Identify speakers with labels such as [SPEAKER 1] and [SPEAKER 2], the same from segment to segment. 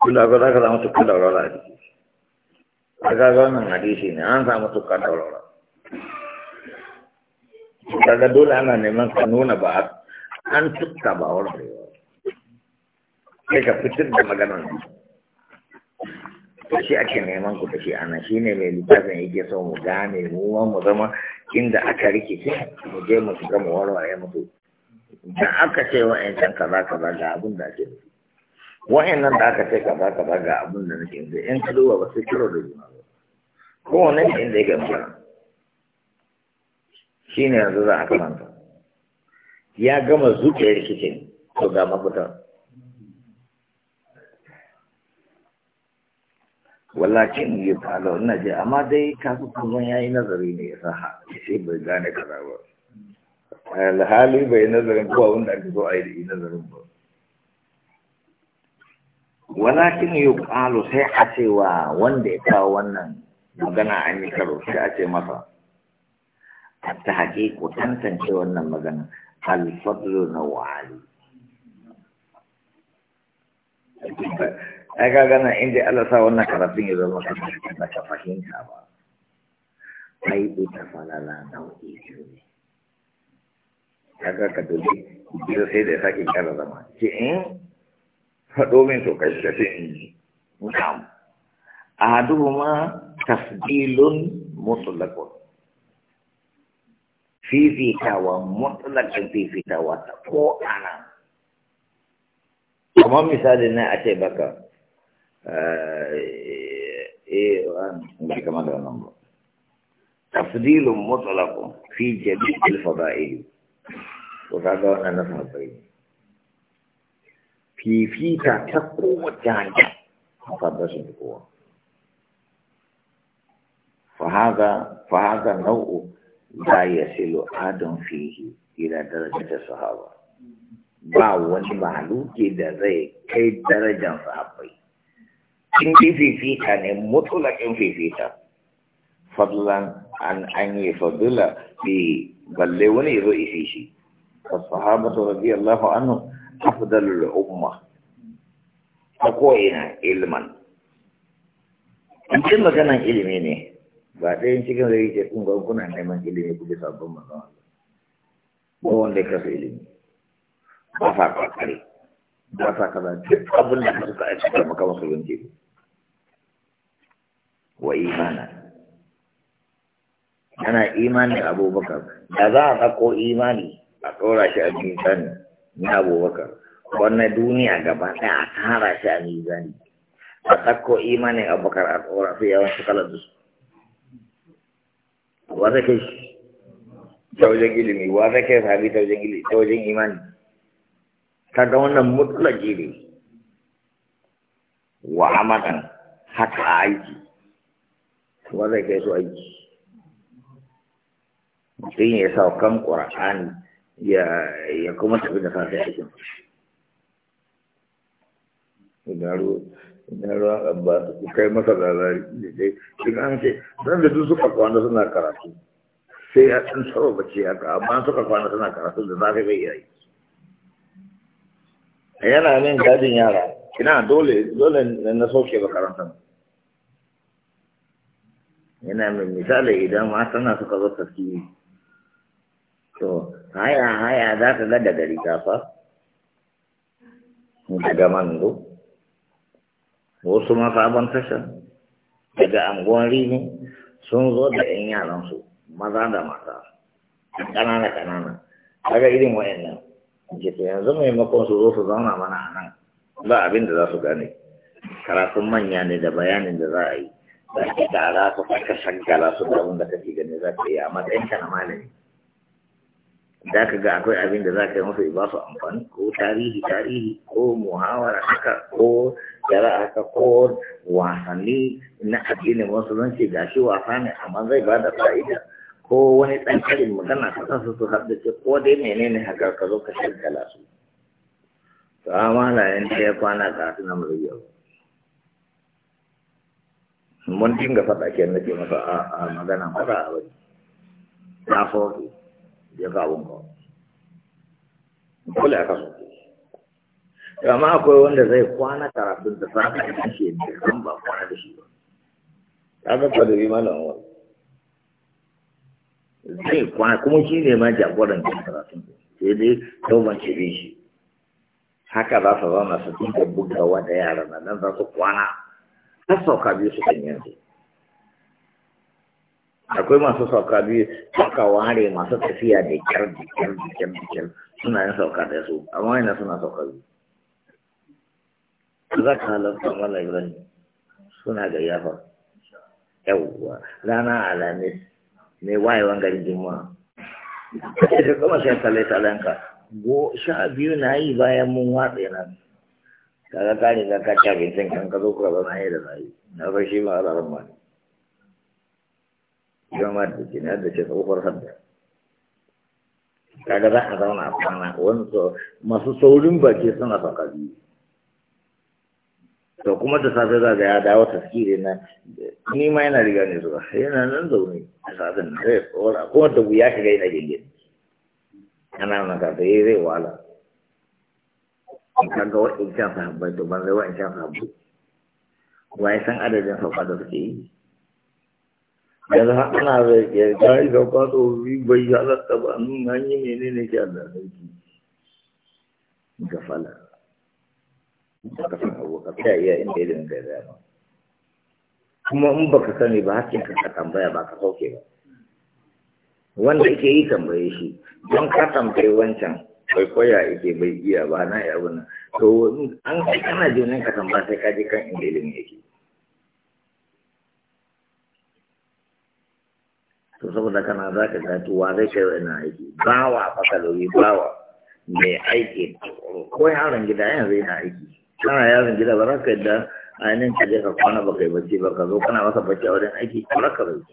[SPEAKER 1] kula ga za ka samu tukkan daurora a jiki a gaga wannan hadisi ne an samu tukkan daurora kaga dole ana neman ka nuna ba an tukka ba warwarewa sai ka fitar da maganar da shi ake neman ku da shi ana shi ne mai littafin yake so mu gane mu ma mu zama inda aka rike shi mu je mu shiga mu warware mutu da aka ce wa'ancan kaza kaza ga abin da ake nufi nan da aka ce ka kaza ga abin da nake yanzu in ka duba ba sai kiro da juna ba kowane ne inda ya gamsa shi ne yanzu za a karanta ya gama zuke rikicin to ga mafita wallakin yi falo ina je amma dai kafin kuma ya yi nazari ne ya sa sai bai gane kaza ba alhali bai nazarin ko abin da aka zo a yi da yi nazarin ba walakin yuqalu sai a cewa wanda ya kawo wannan magana an yi karo sai a ce masa hatta ko tantance wannan magana alfadlu na wa'ali ai ka gana inda Allah sa wannan karatun ya zama ba ta fahimta ba ai ita falala na biyu ne kaga ka dole sai da sake kara zama ce eh, in faɗo min to kai shafi in ji na'am ahaduhuma tafdilun mutlaqun fifitawa mutlaqin fifitawa ta ko ana kamar misali na a ce baka eh, eh, eh bai kama da wannan ba tafdilun mutlaqun fi jami'il fada'il to kaga wannan na sabai في فهذا فهذا نوع لا يصل آدم فيه إلى درجة الصحابة با وني معلوم كده ذي في في فيك مطلق في فيك فضلا عن أن يفضل في بل لوني رئيسي رضي الله عنهم afdalul umma ta ko'ina ilman cikin maganan ilimi ne ba ɗayan cikin zai ce kun gan kuna neman ilimi kuke sabon mazan ba wanda ya kasa ilimi ba sa kwakari ba sa kaza duk abin da suka aiki da maka masu bincike wa imana ana imani abubakar da za a sako imani a ɗora shi a mizani na abubakar wannan duniya gaba ɗaya a tara shi a mizani a ɗauko imanin abubakar a tsora su yawan su kalar da su wa zake shi ta wajen ilimi wa zake sabi ta wajen ilimi ta wajen imani kaga wannan mutulaki ne wa amadan haka a aiki Wata zake su aiki mutum ya sa kan ƙura'ani ya kuma tafi da safe aikin idan ruwan abbas ku kai masa lalari da dai in an ce don da duk suka kwana suna karatu sai a ɗan saba bace haka amma suka kwana suna karatu da safe bai yi yana min gadin yara ina dole dole na soke makarantar yana min misali idan mata na suka zo tafiye to haya haya za ka ga daga rigafa daga mango wasu ma sabon tasha daga anguwan rini sun zo da yan yaransu maza da mata ƙanana ƙanana daga irin wa'annan ke to yanzu maimakon su zo su zauna mana a nan ba abin da za su gane karatun manya ne da bayanin da za a yi za ka tara su ka shagala su da abin da kake gani za ka yi a matsayin ka na malami da ka ga akwai abin da za ka yi masa ba su amfani ko tarihi tarihi ko muhawara haka ko yara haka ko wasanni na addinin musulunci ga shi wasa ne amma zai ba da fa'ida ko wani ɗan karin magana ka sa su da ce ko dai menene haka ka zo ka shirkala su to amma na yan ta ya kwana ga su na murya mun dinga faɗa ke nake masa a magana faɗa a wani na fofi ya kawun ka dole aka so amma akwai wanda zai kwana karatun da fara a kan shi da kan ba kwana da shi ba kaga ka dubi malam wani zai kwana kuma shi ne ma jagoran kan karatun sai dai yau ban ce shi haka za su zauna su dinga bugawa da yaran nan za su kwana har sauka biyu su kan yanzu akwai masu sauka biyu suka ware masu tafiya da kyar da kyar da kyar da kyar suna yin sauka da su amma yana suna sauka biyu za ka halarta mala ibrahim suna da yafa yawwa rana alamis mai wayewan garin juma'a da kuma sai talai ka. go sha biyu na yi bayan mun watsa na. kaga ka riga ka ci abincin kan ka zo ka yi da zai na fashi ma rarar mani girma da jini da ce tsohuwar hadda kaga za a zauna a kwana wani masu saurin baki suna sauka biyu to kuma da safe za ga ya dawo taskiri na ni ma yana riga ne zuwa yana nan zaune a safin na zai tsora kuma da wuya shiga yana gingin ana na ka sai eh, zai wala in ka ga wa'in sa sahabbai to ban zai wa'in can sahabbai wa ya san adadin sauka da suke yi
[SPEAKER 2] yanzu ana zai ke yi
[SPEAKER 1] ka kwaso bi bai halatta ba nun hanyi mene ne ne ke Allah sarki gafala baka san abu ka kai iya inda ilimin da ya ba kuma in baka sani ba hakkin ka ka tambaya ba ka sauke ba wanda yake yi tambaye shi don ka tambaye wancan kwaikwaya yake bai iya ba na yi abu to an kai kana jinin ka tambaya sai ka je kan inda ilimin yake to saboda kana za ka ga tuwa zai kai wani aiki bawa fasalori bawa mai aiki ko yaron gida yanzu yana aiki kana yaron gida ba za ka yadda ainihin ka je ka kwana ba kai bacci ba ka zo kana masa bacci a wurin aiki ko zo bacci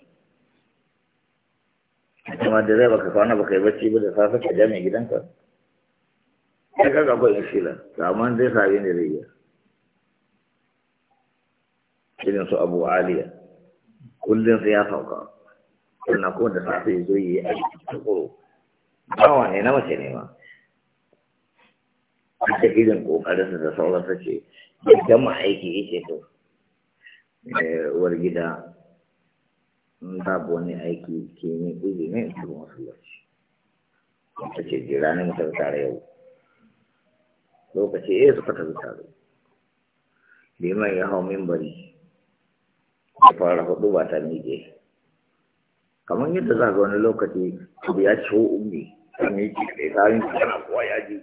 [SPEAKER 1] kuma da zai baka kwana ba kai bacci ba da safe ka je mai gidanka sai ka ga akwai shila man zai sabi ne zai yi irin su abu aliya kullum sai ya sauka sannan kuma da safe zo yi aiki tukuru bawa ne na mace ne ma ta irin kokarinsa da sauransa ce ya ma aiki yake to eh, war gida babu wani aiki ke ne izini a cikin masallaci ta ce jira ne mutum tare yau lokaci ya suka tafi tare liman ya hau mimbari ya fara hudu ba ta miƙe kamar yadda za ga wani lokaci abu ya ci ummi kan yi ki kai tsarin kana kowa ya ji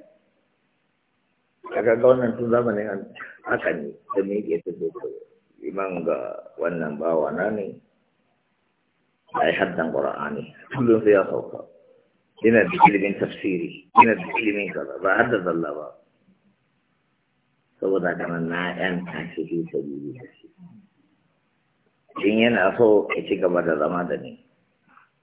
[SPEAKER 1] Ya ga wannan tun zamanin haka ne da me ke ta zai iman ga wannan bawa na ne a yi haddan ƙura'ani kullum sai ya sauka yana da ilimin tafsiri yana da ilimin kaza ba har da zalla ba saboda kana na yan tashi fi sabili da shi in yana so ya ci gaba da zama da ni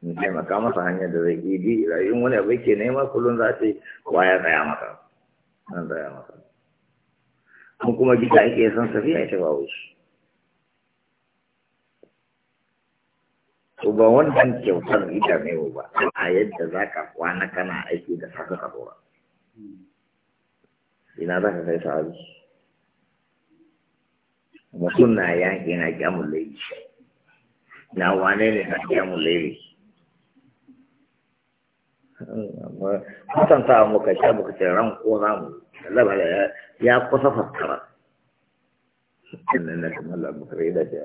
[SPEAKER 1] in taimaka masa hanyar da zai yi idi rayuwar wani abu ke nema kullum za ce wa ya tsaya masa an tsaya masa an kuma gida ake son safiya ita ba wuce to ba wannan kyautar ita ne ba a yadda za ka kwana kana aiki da saka karuwa ina za ka kai sa'adu mutum na yanki na kyamun laifi. na wane ne na kyamun laifi. kwatanta muka sha muka ce ran ko namu labara ya kusa fassara inna kuma labar ya dace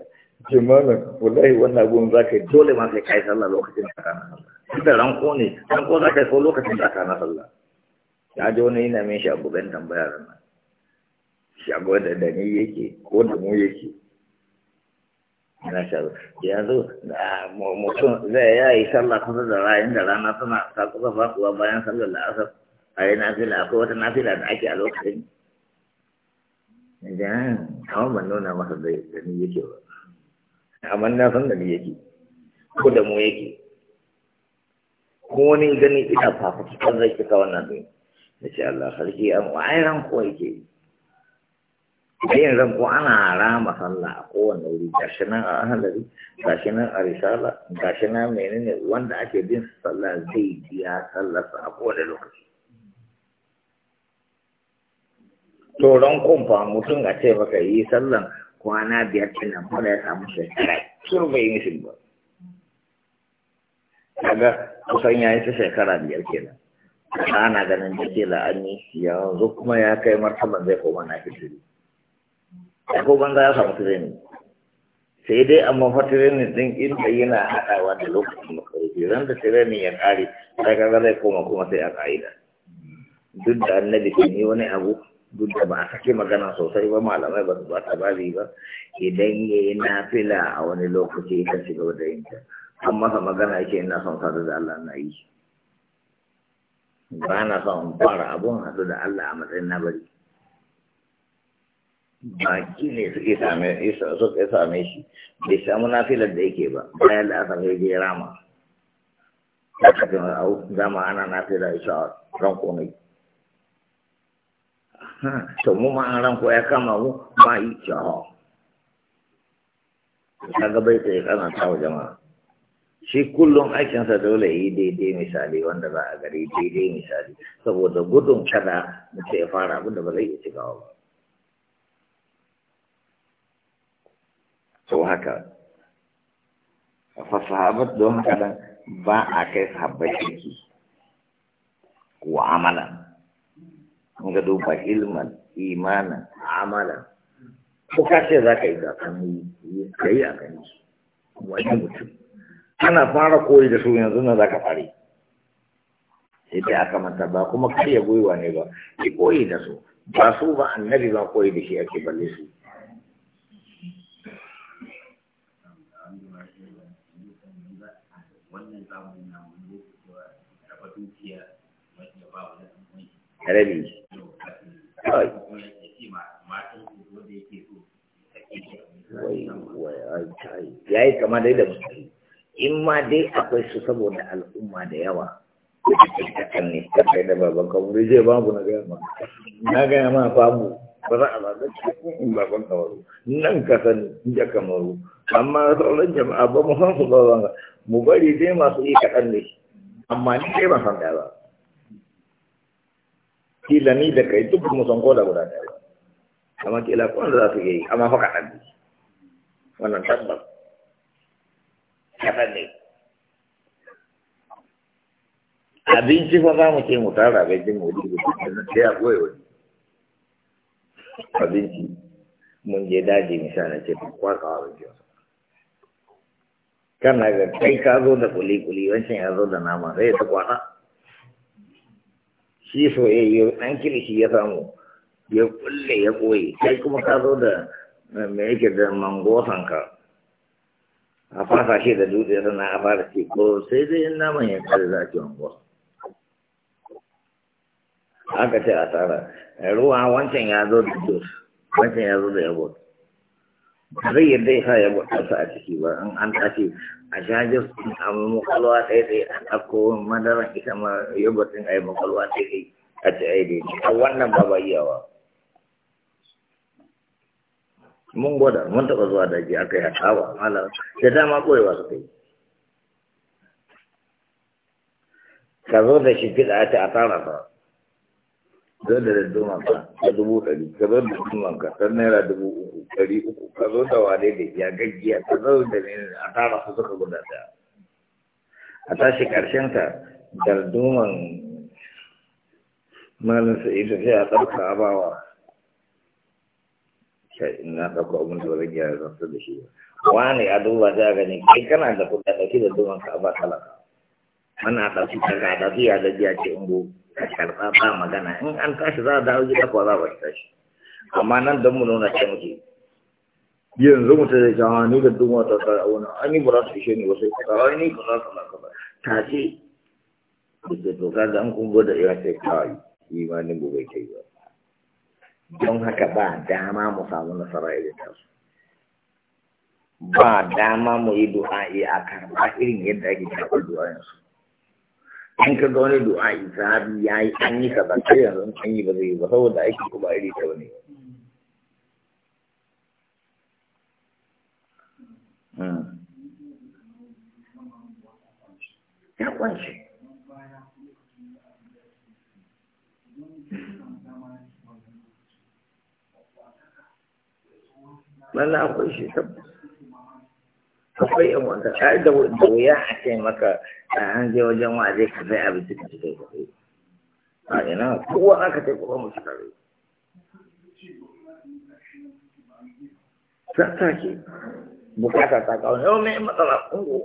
[SPEAKER 1] jimanin wallahi wannan gun za ka dole ma sai yi sallah lokacin da kana sallah da ran ko ne ran ko za ka so lokacin da kana sallah ya ji wani yana min shi abubuwan tambaya da na. shi abubuwan da ni yake ko da mu yake yana sharu yanzu mutum zai ya yi sallah kusa da rayin da rana suna ta kusa faɗuwa bayan sallar la'asar a yi nafila akwai wata nafila da ake a lokacin idan kawai ban nuna masa da ni yake ba amma na san da ni yake ko da mu yake ko wani gani ina fafatukar zai kika wannan din da ce Allah sarki an wa'ayan ko yake yi bayan zan ko ana rama sallah a kowane wuri gashi nan a ahalari gashi nan a risala gashi nan menene wanda ake bin sallah zai biya sallah a kowane lokaci to rankon kumfa mutum a ce maka yi sallan kwana biyar ɗin mana ya samu shekara sun bai yi shi ba kaga kusan ya yi ta shekara biyar kenan ana ganin an yi la'ani yanzu kuma ya kai martaban zai koma na fitiri ko banza ya samu training sai dai amma fa training din inda yana haɗawa da lokacin makarufi ran da training ya kare sai kaga zai koma kuma sai a kaida duk da annabi kan yi wani abu duk da ba a sake magana sosai ba malamai ba su ba ta bari ba idan ya yi nafila a wani lokaci ya ci gaba da yinta an masa magana yake ina son sadu da Allah na yi ba na son fara abun haɗu da Allah a matsayin na bari baki ne suke same suke same shi bai samu nafilar da yake ba bayan da aka zai je ma ta kafin au zama ana filar isha ranko ne to mu ma an ranko ya kama mu ma yi ta kaga bai tsaye kana tawo jama'a shi kullum aikinsa dole yi daidai misali wanda za a gari daidai misali saboda gudun kada mutu ya fara abinda ba zai iya cigaba ba to haka fa sahabat don haka ba a kai iki aiki wa amalan in ga ba ilman imanan amalan ko ka zaka za ka iya gasan yi ka yi a kan ana fara koyi da su yanzu na za ka fari sai aka manta ba kuma ya gwiwa ne ba ki koyi da su ba su ba annabi ba koyi da shi ake balle su samu dukiya wanda ba wani kawai ya yi kama dai da mutane in ma dai akwai su saboda al'umma da yawa kakan kakai da baban wuri zai babu na gaya ma na gaya ma babu ba za a ba baban nan ka sani kamaru amma sauran jama'a ba mu san su mu bari dai masu yi kaɗan ne amma ni dai ban san ɗaya ba kila ni da kai duk mu san ko da guda ɗaya amma kila ko da za su yi amma fa kaɗan ne wannan tabbas kaɗan ne abinci fa za mu ce mu tara abincin mu wuri da sai a goye wani abinci mun je daji misali ce kwakawa abincin kana ga kai ka zo da kuli-kuli wancan ya zo da nama zai ta kwana shi soyayyo ɗan kirishi ya samu ya kulle ya koyi kai kuma ka zo da me yake da mangosanka a fasa shi da dutse sana a fara ce ko sai dai yin naman ya kare za ki mango aka ce a tsara ruwa wancan ya zo da jos wancan ya zo da yabo ba zai yadda ya sa ya bautarsa a ciki ba an an tashi a shajin a makwalwa ɗaya ɗaya a ɗauko madara ita ma yogurt ɗin a yi makwalwa ɗaya ɗaya a ce a yi daidai a wannan ba ba mun gwada mun taɓa zuwa daji aka yi haɗawa malam da dama koyewa wasu kai. ka zo da shi fiɗa a ce a zo da dadduman ka ta dubu ɗari ka zo da dadduman ka ta naira dubu uku ɗari uku ka zo da wane da ya gaggiya ka zo da ne a tara su suka guda ɗaya a tashi ƙarshen ka dadduman malin sa'idu sai a ɗauka a bawa na ɗauka abin da wani gyara zartar da shi ba wani a duba ta gani kai kana da kuɗa ɗauki da duman ka a ba talaka ana ɗauki ta gada biya da biya ce ungo ka karɓa ba magana in an tashi za a dawo gida kuwa za a tashi amma nan don mu nuna ce muke yanzu mutum zai ta ni da duk wata ta a wani an yi ba za su ishe ni wasu ka wani ni ka za su laka ba ta ce da doka da an kungo da ya ce kawai imanin mu bai kai ba don haka ba dama mu samu nasara irin tasu ba dama mu yi du'a'i a karɓa irin yadda ake karɓar du'a yanzu in ka ga wani du'a'i sahabi ya yi an yi kaza kai yanzu an yi ba zai yi ba saboda aiki ko ba iri ta bane hmm. ya kwanci lalla akwai shi tabbas akwai yan wanda da wuya a ce maka a hanje je wajen waje ka sai abinci ka cikin kwafi a ina kowa aka ce kuma mu tare sassaki bukata ta kawo yau ne matsala ungo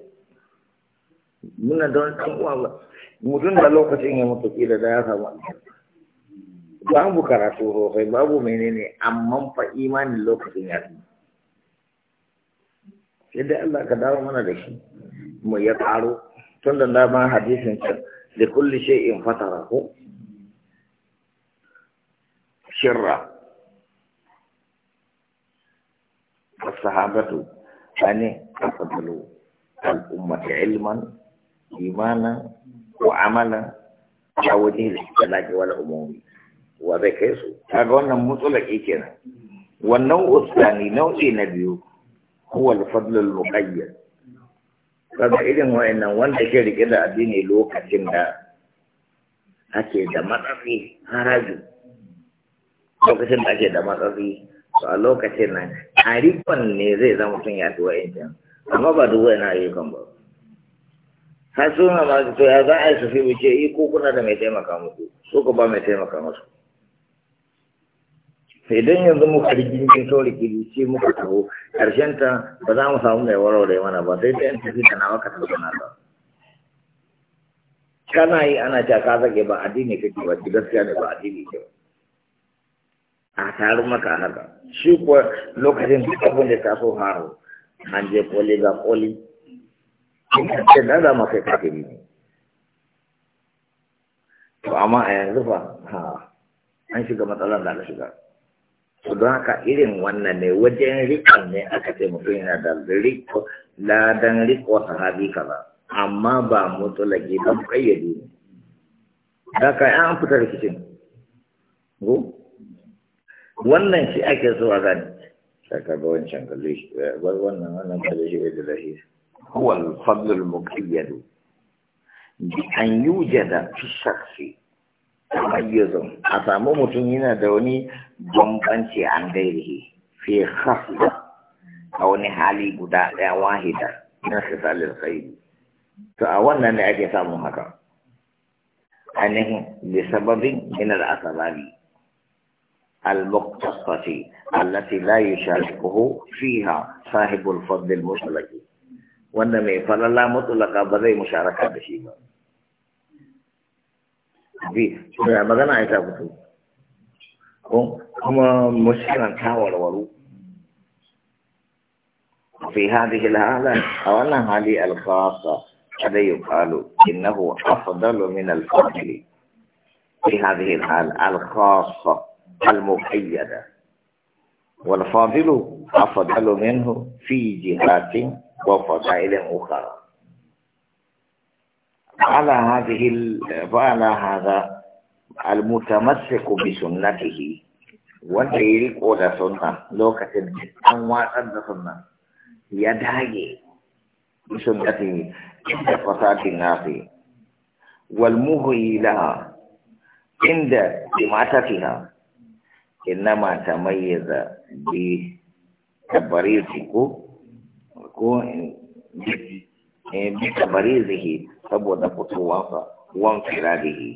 [SPEAKER 1] muna da wani kan uwa ba mutum da lokacin ya mutu kila da ya samu babu karatu sosai babu menene amma fa imanin lokacin ya fi sai dai Allah ka dawo mana da shi mu ya karo tunda na ma hadisin ce da kulli shi in fatara ku shirra wa sahabatu ani tafadalu al ummati ilman imana wa amala tawdi li salati wal umumi wa bakaysu kaga wannan mutsulaki kenan wannan ustani nau'i na biyu huwa al fadl kaga irin wayannan wanda ke rike da addini lokacin da ake da matsatsi haraju lokacin da ake da matsatsi to a lokacin nan harifan ne zai zama mutum ya fi wa'incan amma ba duk wayannan ayyukan ba har suna ma to ya za a yi su fi wuce iko eh, kuna da mai taimaka muku su ku ba mai taimaka musu sai don yanzu muka rigingin tori kirici muka taho ƙarshen ta ba za mu samu mai warware mana ba sai ta tafi da nawa ka tafi na ba kana yi ana cewa ka zage ba addini kake ba ki gaskiya ne ba addini ke a taru maka haka shi kuwa lokacin abin da ta so haro an je koli ga koli ce na da mafi kafiri ne to amma a yanzu fa ha an shiga matsalar da aka shiga to don haka irin wannan ne wajen rikon ne aka ce mutum yana da riko ladan riko sahabi kaza amma ba mutulaki ba kayyade ne da ka an fita rikicin go wannan shi ake so a gani saka ga wancan kalle shi eh, wannan wannan kalli shi da lahi huwa al-fadl al-muqayyad bi an yujada fi shakhsi tamayyuzun a samu mutum yana da wani bambanci an gairihi fi hasuwa a wani hali guda ɗaya wahida na fisalin sai to a wannan ne ake samun haka ainihin sababin yana da asalari al-muqtasati allati la yushariku fiha sahibul fadl al wanda mai falala mutlaqa ba zai musharaka da shi ba bi ya magana ya ta fito kuma mushkilan ta warwaru في هذه الحالة أولا هذه الخاصة هذا يقال إنه أفضل من الفضل في هذه الحالة الخاصة المقيدة والفاضل أفضل منه في جهات وفضائل أخرى على هذه على هذا المتمسك بسنته والدليل قول سنة لو كتب أموات عند سنة يدعي بسنته عند فساد الناس والمغي لها عند إماتتها إنما تميز بتبريرتك Eh, bisa barizihi saboda fitowarsa wan firadihi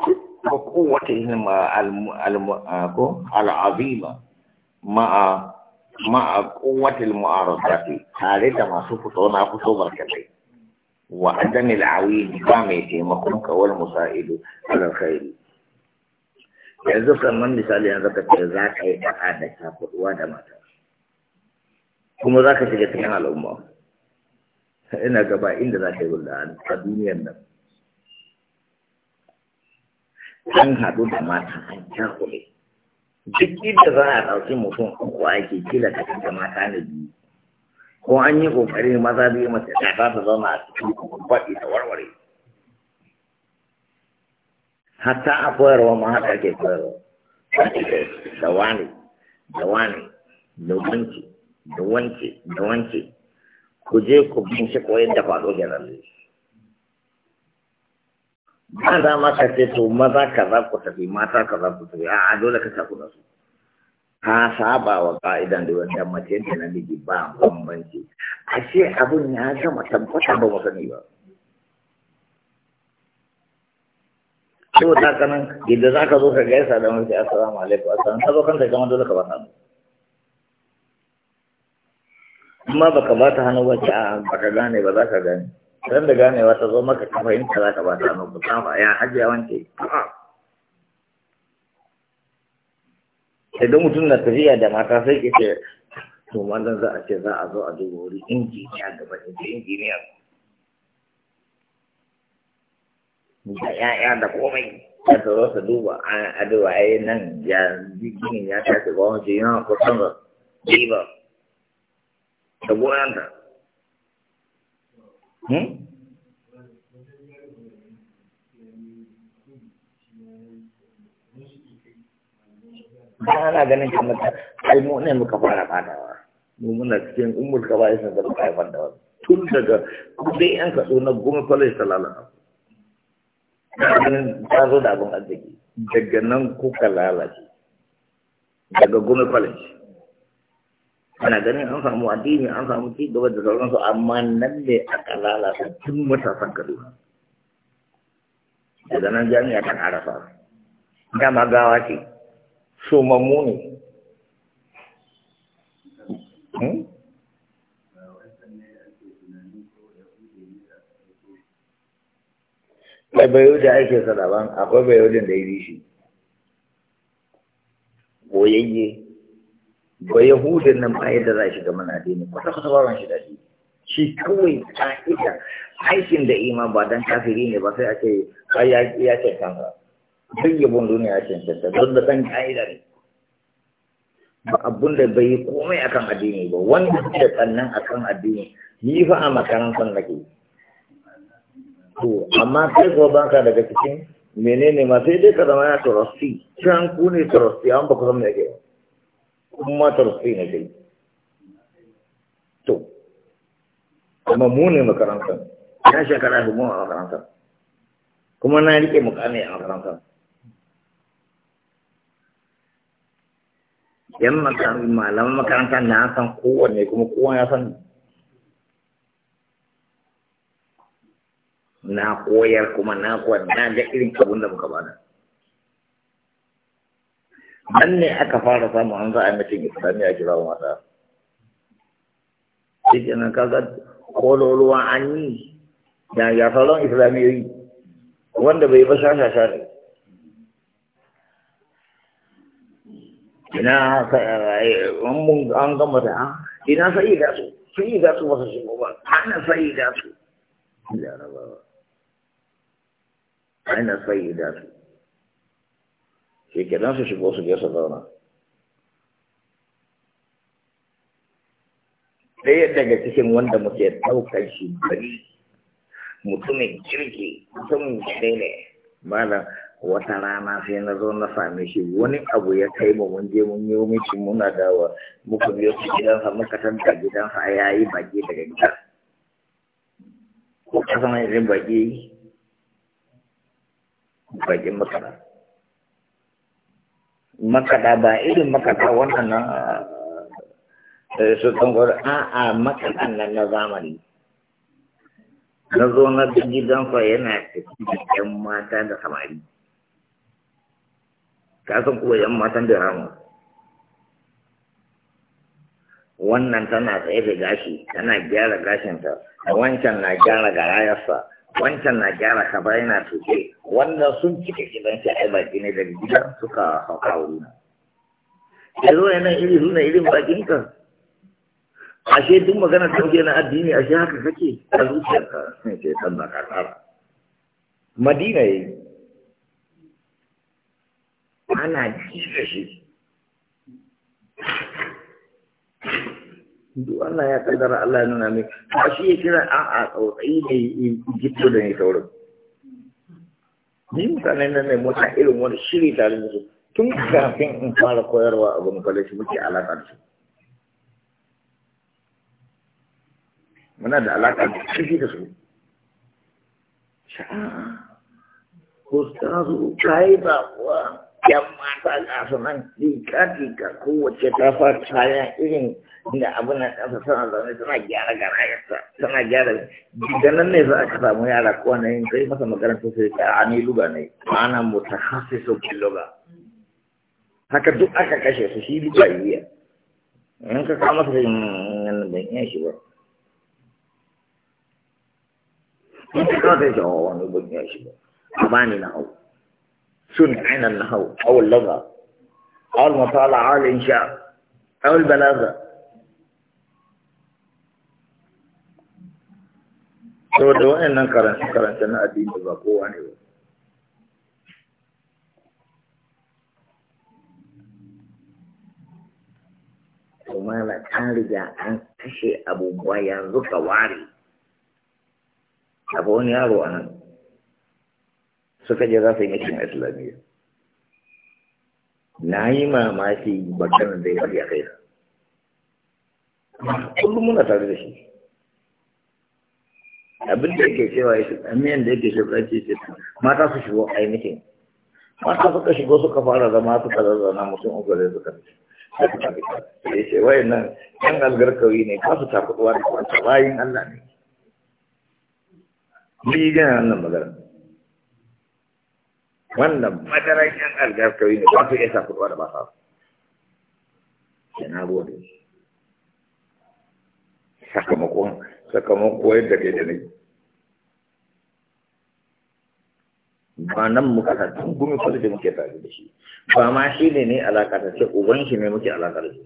[SPEAKER 1] ah, ko kowace kowatin al'azima ma'a ma'a kowatin mu'arazati tare da masu fito na fito barkatai wa adami al'awidi ba mai taimakon kawal musa'idu alkhairi yanzu kamar misali yanzu ka ce za ka yi ta'a da shafuɗuwa da mata kuma za ka shiga cikin al'umma ina gaba inda za ka yi wulla a duniyan nan an haɗu da mata an cakuɗe duk inda za a ɗauki mutum uku ake kila ta da mata na biyu ko an yi ƙoƙari maza biyu mace ta za ta zauna a cikin faɗi ta warware hatta a koyarwa ma haka ake koyarwa da wani da wani da wanke, da wanke, da wanke. kuje ku je ku bincika yadda faɗo kenan ba za ma ka ce to maza ka za ku tafi mata ka za ku tafi a dole ka tafi su ka saba wa ka'idan da wanda mace da namiji ba bambanci ashe abun ya gama tabbata ba mu sani ba ko ta nan yadda za ka zo ka gaisa da mace assalamu alaikum assalamu alaikum ka zo kanta gama dole ka ba samu amma baka ba ta hannu wace a baka gane ba za ka gane ran da ganewa ta zo maka ka fahimta za ka ba ta hannu ba ta ya hajiya wance idan mutum na tafiya da mata sai ke ce to mallan za a ce za a zo a duba wuri injiniya gaba da injiniya da ya'ya da komai ya tsoro su duba a duba nan ya ginin ya tashi ba wani ce yana kusan ba ba da goyonta hmm? ba ana ganin kamar ta ai ne muka fara fadawa mu muna cikin umul ka bai san da ba tun daga dai an ka na gumi college ta lalata da abin arziki nan kuka lalace ana ganin an samu addini an samu ci gaba da sauransu amma nan ne aka lalata tun matasan gari. daga nan jami'a ta fara dama gawa ce mammu ne bai hmm? bayo da ake sa daban akwai bayo da ya shi. Boyayye ba yahudin nan ba yadda za shi ga mana dini kwata kwata ba shi daɗi shi kawai ka'ida aikin da ima ba dan kafiri ne ba sai a ce ya ce duk yabon duniya ya cancanta don da ɗan ka'ida ne ba abun da bai yi komai akan addini ba wanda ke tsannan akan addini ni fa a makarantar nake to amma kai ko baka daga cikin menene ma sai dai ka zama ya turasti can ku ne turasti an ba ku san me ake ba kuma tarfi ne dai to amma mu ne makaranta ya shekara mu a makaranta. kuma na rike kane a makaranta. yan makaranta, malaman makaranta na san kowanne kuma kowa ya san na koyar kuma na koyar na ga irin abin da muka bada nan ne aka fara samun an za a mitin islamiyya kira wata. shi ke nan kaga kololuwa an yi ya ya sauran islamiyoyi wanda bai ba shashasha ne ina eh, an gama da ah, ina sai da su sai da su wasu shigo ba ana sai da su larabawa sai da su shi ke su shigo su je su zauna ɗaya daga cikin wanda muke ɗaukar shi bari mutumin kirki mutumin gare ne malam wata rana sai na zo na same shi wani abu ya kai mu mun je mun yi miki muna dawa muka biyo su gidansa muka tanta gidansa a yayi baki daga gidan ko kasa mai irin baki bakin masara makaɗa ba irin makaɗa wannan nan eh, su tsangwar a'a makaɗan nan na zamani na zo na gidan fa yana cikin mata da samari ka san kuwa yan matan da ramu wannan tana tsaye da gashi tana gyara gashinta wancan na gyara garayarsa wancan na gyara ka ba na tuke wannan sun cika gidan shi ai baki ne daga gidan suka hauka wuri ya zo yana iri suna irin bakin ka ashe duk magana ta wuce na addini ashe haka kake a zuciyarka sai ce san na kasar madina yi ana ji da shi duk Allah ya kaddara Allah ya nuna mai ba shi ya kira a a tsautsayi ne gito da ne sauran ni mutane nan ne mota irin wani shiri tare da su tun kafin in fara koyarwa a gwamnati kwale shi muke alaƙa da su muna da alaƙa da ƙarfi da su sha'a ko su kayi ba kuwa yan mata gasa su nan dika dika kowace ta fa kayan irin inda abun nan ɗansa suna zaune suna gyara garayarsa suna gyara daga nan ne za a ka samu yara ko na yin kai masa makarantar sai ta a ni luga ne ana mota hasi so ki luga haka duk aka kashe su shi luga iya in ka kama su yin nan ban iya shi ba in ka kama sai jawo wani ban iya shi ba a bani na hau sun ainihin na hau awul luga awul matala awul insha awul balaza
[SPEAKER 2] saboda waɗannan nan
[SPEAKER 1] karanta na addini ba kowa ne ba kuma an riga an kashe abubuwa yanzu ka ware abu wani yaro a nan suka je za su yi mishin islamiyya na yi mamaki zai fari a kai na kullum muna tare da shi abin da yake cewa ya shiga miyan da yake shiga ce ce mata su shigo a yi mitin mata suka shigo suka fara zama suka zazzana mutum uku zai suka ya ce wayan nan yan algarkawi ne ba su takuɗuwa da kwanta bayin Allah ne ni gina wannan magana wannan madaran yan algarkawi ne ba su iya takuɗuwa da ba sa su na gode sakamakon sakamako yadda kai da nake ba nan muka san gumi kwallo da muke tare da shi ba ma shi ne ne alaƙa ta ce uban shi ne muke alaƙa da shi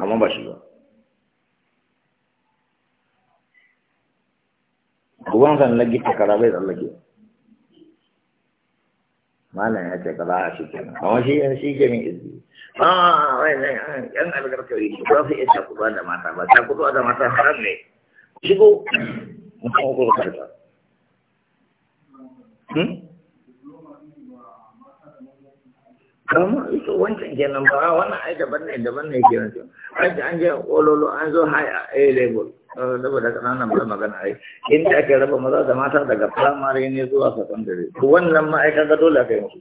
[SPEAKER 1] amma ba shi ba uban san lagi ta kara bai tsallake malam ya ce kaza a shi kenan amma shi shi ke min izini Ah, yan algarkawi ba su iya cakuɗuwa da mata ba, cakuɗuwa da mata haram ne. Shigo, mutum uku karfa. Hmm? kama ito wancan kenan ba wannan ai daban ne daban ne ke wancan ai an je ololo an zo high a level eh, saboda kananan ba magana ai inda ake raba maza da mata daga primary ne zuwa secondary to wannan ma ai kaga dole kai musu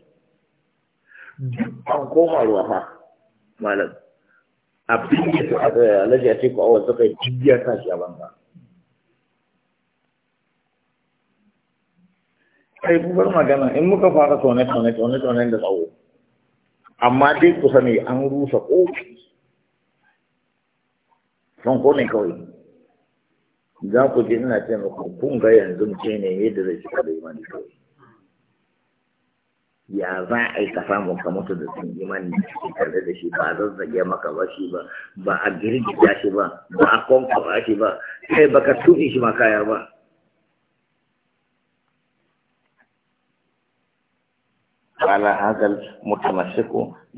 [SPEAKER 1] A koma ruwa fa malam abin da su aka eh, a ce ku awon suka yi jiya ta shi a banza kai bubar magana in muka fara tone tone tone tone da tsawo amma dai ku sani an rusa kofi son ko ne kawai za ku ji ina ce muku kun ga yanzu mutum ne yadda zai shiga da imani kawai ya za a yi ka samu ka mutu da sun imani da suke tare da shi ba a zazzage maka ba shi ba ba a girgita shi ba ba a kwanka ba shi ba kai baka tuni shi ma kaya ba ala على هذا المتمسك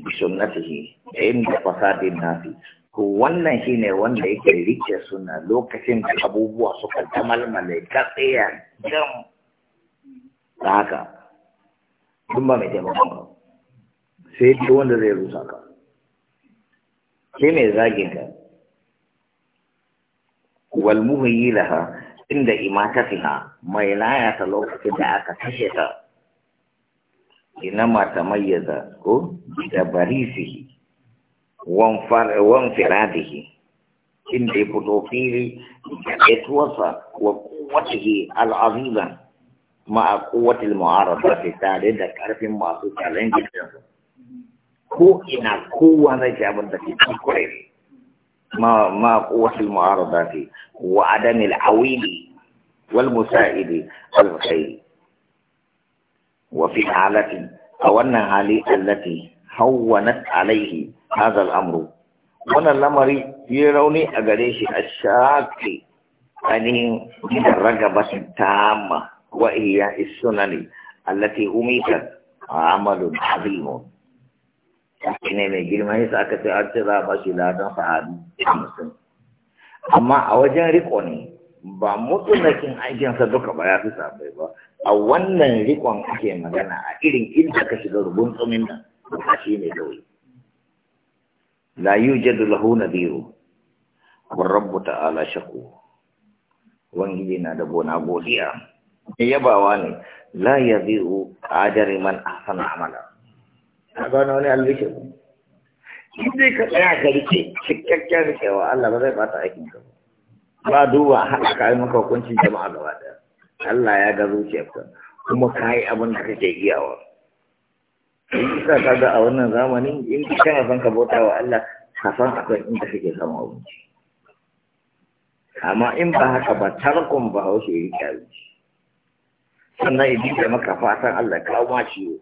[SPEAKER 1] بسنته عند fasadin nafi ko wannan shine wanda yake rike suna lokacin da abubuwa suka damalmale ka tsaya jam haka dun mai taimakon ka sai dai wanda zai rusa ka sai mai zagin ka wal muhayyi laha inda ha, mai laya ta lokacin da aka kashe ta Ina ta mayyaza ko da barisihi wan far wan firadihi inda ya fito fili da ƙetuwarsa wa kowace al'azizan ma'a kuwatil mu'arada fi tare da ƙarfin masu challenge din ko ina kowa zai ci abin da ke kure ma ma kuwatil mu'arada fi wa adamil awili wal musa'idi al khair wa fi halati a wannan hali allati hawwanat alaihi hadha al amru wannan lamari ya rauni a gare shi a shafi ainihin da ragabatin tama وإياء السنن التي أميتت عمل عظيم ne mai girma yasa aka ce an ce za a bashi ladan sahabi amma a wajen riko ne ba mutunakin aikinsa duka ba ya fi sabai ba a wannan rikon ake magana a irin inda aka shiga rubun tsumin nan ba shi ne kawai la jadu lahu nadiru wa rabbu ta'ala shaku wangiji na da gona godiya yabawa ne la yadhi'u ajri man ahsana amala kaga wani albishi in dai ka tsaya ka rike cikakken rikewa Allah ba zai bata aikin ka ba duba haɗa kayan maka hukuncin jama'a gaba ɗaya Allah ya ga zuciyarka kuma ka yi abin da kake iyawa isa ka ga a wannan zamanin in kana son ka bauta wa Allah ka san akwai inda kake samun abinci amma in ba haka ba tarkon ba haushe ya yi abinci sannan idan da maka fatan Allah kawo ma ciwo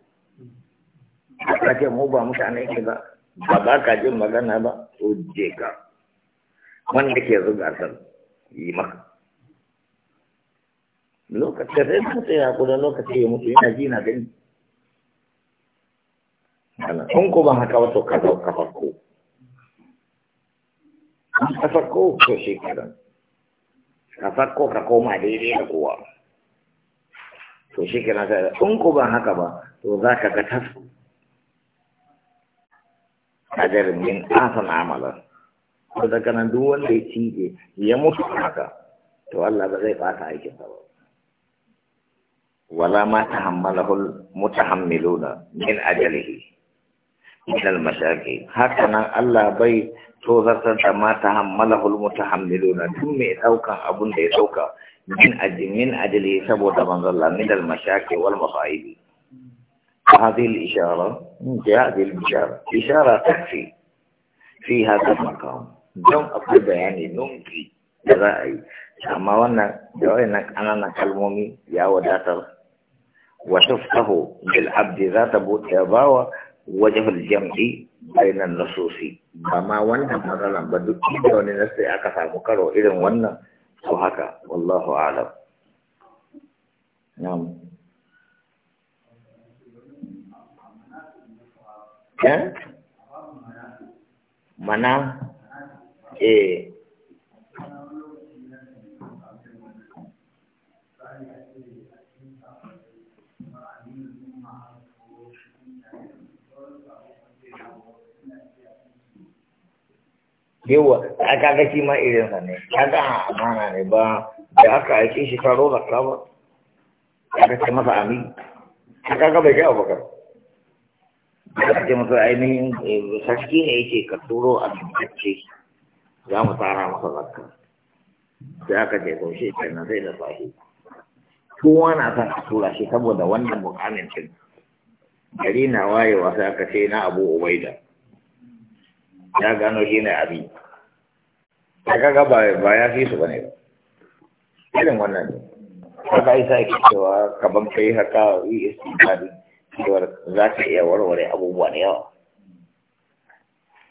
[SPEAKER 1] ka ce mu ba mutane ne ba ba ba ka jin magana ba to je ka wanda ke zuga san yi maka lokacin ya mutu ya kuda lokacin ya mutu yana ji na gani kun ko ban haka wato ka zo ka farko ka farko ko shi ka farko ka koma daidai da kowa to shi kira ta in ku ba haka ba to za ka ga tasu kajar min asan amalan to daga nan duk wanda ya cije ya mutu haka to Allah ba zai fata aikin sa ba wala ma tahammalahu mutahammiluna min ajalihi من المشاكل هكذا الله بي توزرت ما تحمله المتحملون دمي يتوكا أبن يتوكا من أجل من أجل يسبو من الله من المشاكل والمصائب هذه الإشارة هذه الإشارة إشارة تكفي في هذا المقام جم نعم، أقول يعني نمكي جزائي أما وانا جوينك أنا نكلمني يا وداتر وشفته بالعبد ذات بوت يا باوة Wajen wajahul jam'i bainan nususi ba ma wannan magana ba duk da wani sai aka samu karo irin wannan to haka wallahu a'lam eh? mana eh yawa a kaga shi ma irin sa ne kaga amana ne ba da aka aike shi karo da ka kaga ce masa ami kaga bai kai abokan. kaga ce masa ainihin eh, sarki ne yake ka turo a bincike za mu tsara masa zakka sai aka ce ko shi na sai da sahi kowa na son a tura shi saboda wannan bukamin cin gari na wayewa sai aka ce na abu ubaida ya gano shi ne abi ya kaga ba ya fi su ba ne ba irin wannan ne kaga isa yake cewa kaban kai haka yi istibari cewar za ka iya warware abubuwa da yawa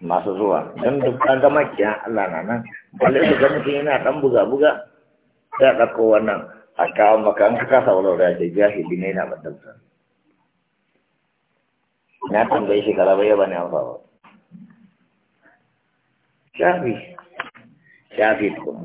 [SPEAKER 1] masu zuwa don duk an gama kiyan Allah na nan balle su ga mutum yana dan buga-buga ya ɗauko wannan a kawo maka an wani wadda ya da jahili na yana dauka na tambaye shi bai yaba ne an fawa shafi shafi kuma